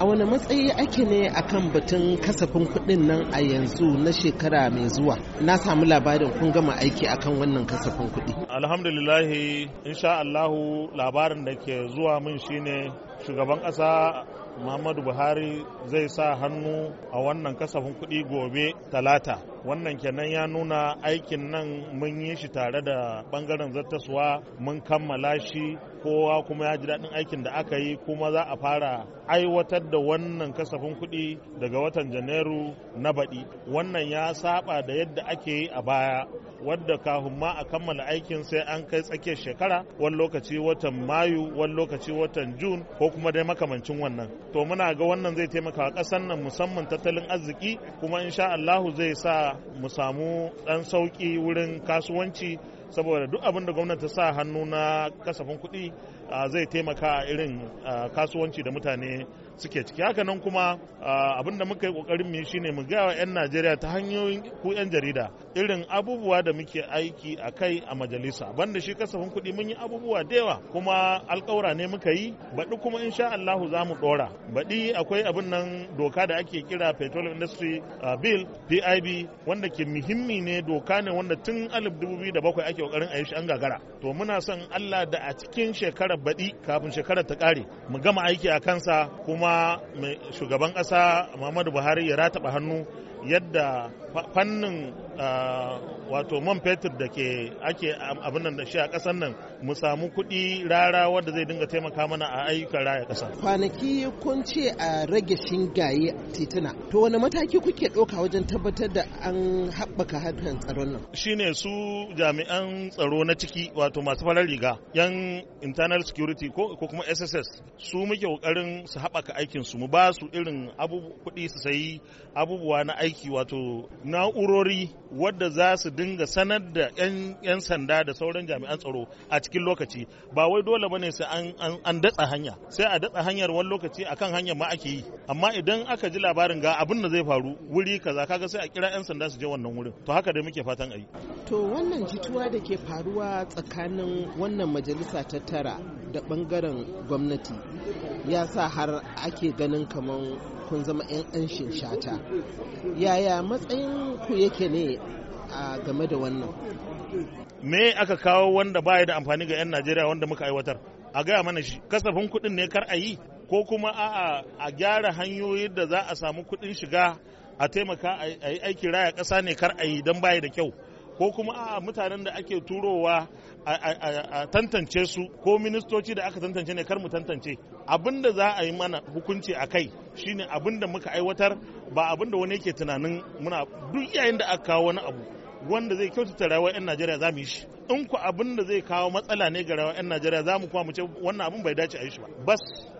a wani matsayi ake ne akan batun kasafin kuɗin nan a yanzu na shekara mai zuwa na samu labarin kun gama aiki akan wannan kasafin kuɗi alhamdulillahi insha allahu labarin da ke zuwa min shine shugaban ƙasa muhammadu buhari zai sa hannu a wannan kasafin kuɗi gobe talata wannan kenan ya nuna aikin nan mun yi shi tare da bangaren zattaswa mun kammala shi kowa kuma ya ji daɗin aikin da aka yi kuma za a fara aiwatar da wannan kasafin kuɗi daga watan janairu na baɗi wannan ya saba da yadda ake yi a baya wadda kafin ma a kammala aikin sai an kai tsakiyar shekara wani lokaci watan mayu wani lokaci watan jun ko kuma dai makamancin wannan to muna ga wannan zai taimaka ƙasar nan musamman tattalin arziki kuma insha allahu zai sa mu samu ɗan sauƙi wurin kasuwanci saboda duk abin da gwamnati sa hannu na kasafin kuɗi zai taimaka a irin kasuwanci da mutane suke ciki haka nan kuma abin da muka yi kokarin mu shine mu gaya wa 'yan najeriya ta hanyoyin ku 'yan jarida irin abubuwa da muke aiki a kai a majalisa banda shi kasafin kuɗi mun yi abubuwa da yawa kuma alƙawura ne muka yi baɗi kuma insha allahu za mu ɗora baɗi akwai abin nan doka da ake kira petroleum industry bill pib wanda ke muhimmi ne doka ne wanda tun 2007 ake ake kokarin a yi shi an gagara to muna son Allah da a cikin shekarar baɗi kafin shekarar ta ƙare mu gama aiki a kansa kuma shugaban ƙasa Muhammadu Buhari ya rataba hannu yadda fannin ah, wato man fetur da ke ake abin nan da shi a ƙasar nan mu samu kuɗi rara wadda zai dinga taimaka mana a ayyukan raya ƙasa. Kwanaki kun ce a rage shingaye tituna. To wani mataki kuke ɗauka wajen tabbatar da an haɓaka harkar tsaron nan? Shine su jami'an tsaro na ciki wato masu farar riga yan internal security ko kuma SSS su muke ƙoƙarin su haɓaka aikin su mu ba su irin kuɗi su sayi abubuwa na aiki wato na'urori wadda za su dinga sanar da 'yan sanda da sauran jami'an tsaro a cikin lokaci ba wai dole bane sai an datsa hanya sai a datsa hanyar wani lokaci akan hanyar ma ake yi amma idan aka ji labarin ga abin da zai faru wuri kaza kaga sai a kira 'yan sanda su je wannan wurin to haka dai muke fatan a yi to wannan jituwa da ke faruwa tsakanin wannan majalisa ta tara da bangaren gwamnati ya sa har ake ganin kamar kun zama 'yan shata yaya matsayin ku yake ne a game da wannan me aka kawo wanda baya da amfani ga 'yan najeriya wanda muka aiwatar a gaya mana shi kasafin kuɗin ne kar a yi ko kuma a'a a gyara hanyoyi da za a samu kuɗin shiga a taimaka a yi aiki raya kasa ne kar a yi don baya da kyau ko kuma a mutanen da ake turowa a tantance su ko ministoci da aka tantance ne kar mu tantance abin da za a yi mana hukunci a kai shine abin da muka aiwatar ba abin da wani yake tunanin muna duk yayin da aka kawo wani abu wanda zai kyautata rayuwar 'yan Najeriya za mu yi shi in ku abin da zai kawo matsala ne ga rayuwar 'yan Najeriya za mu kuma mu ce wannan abin bai dace a yi shi ba bas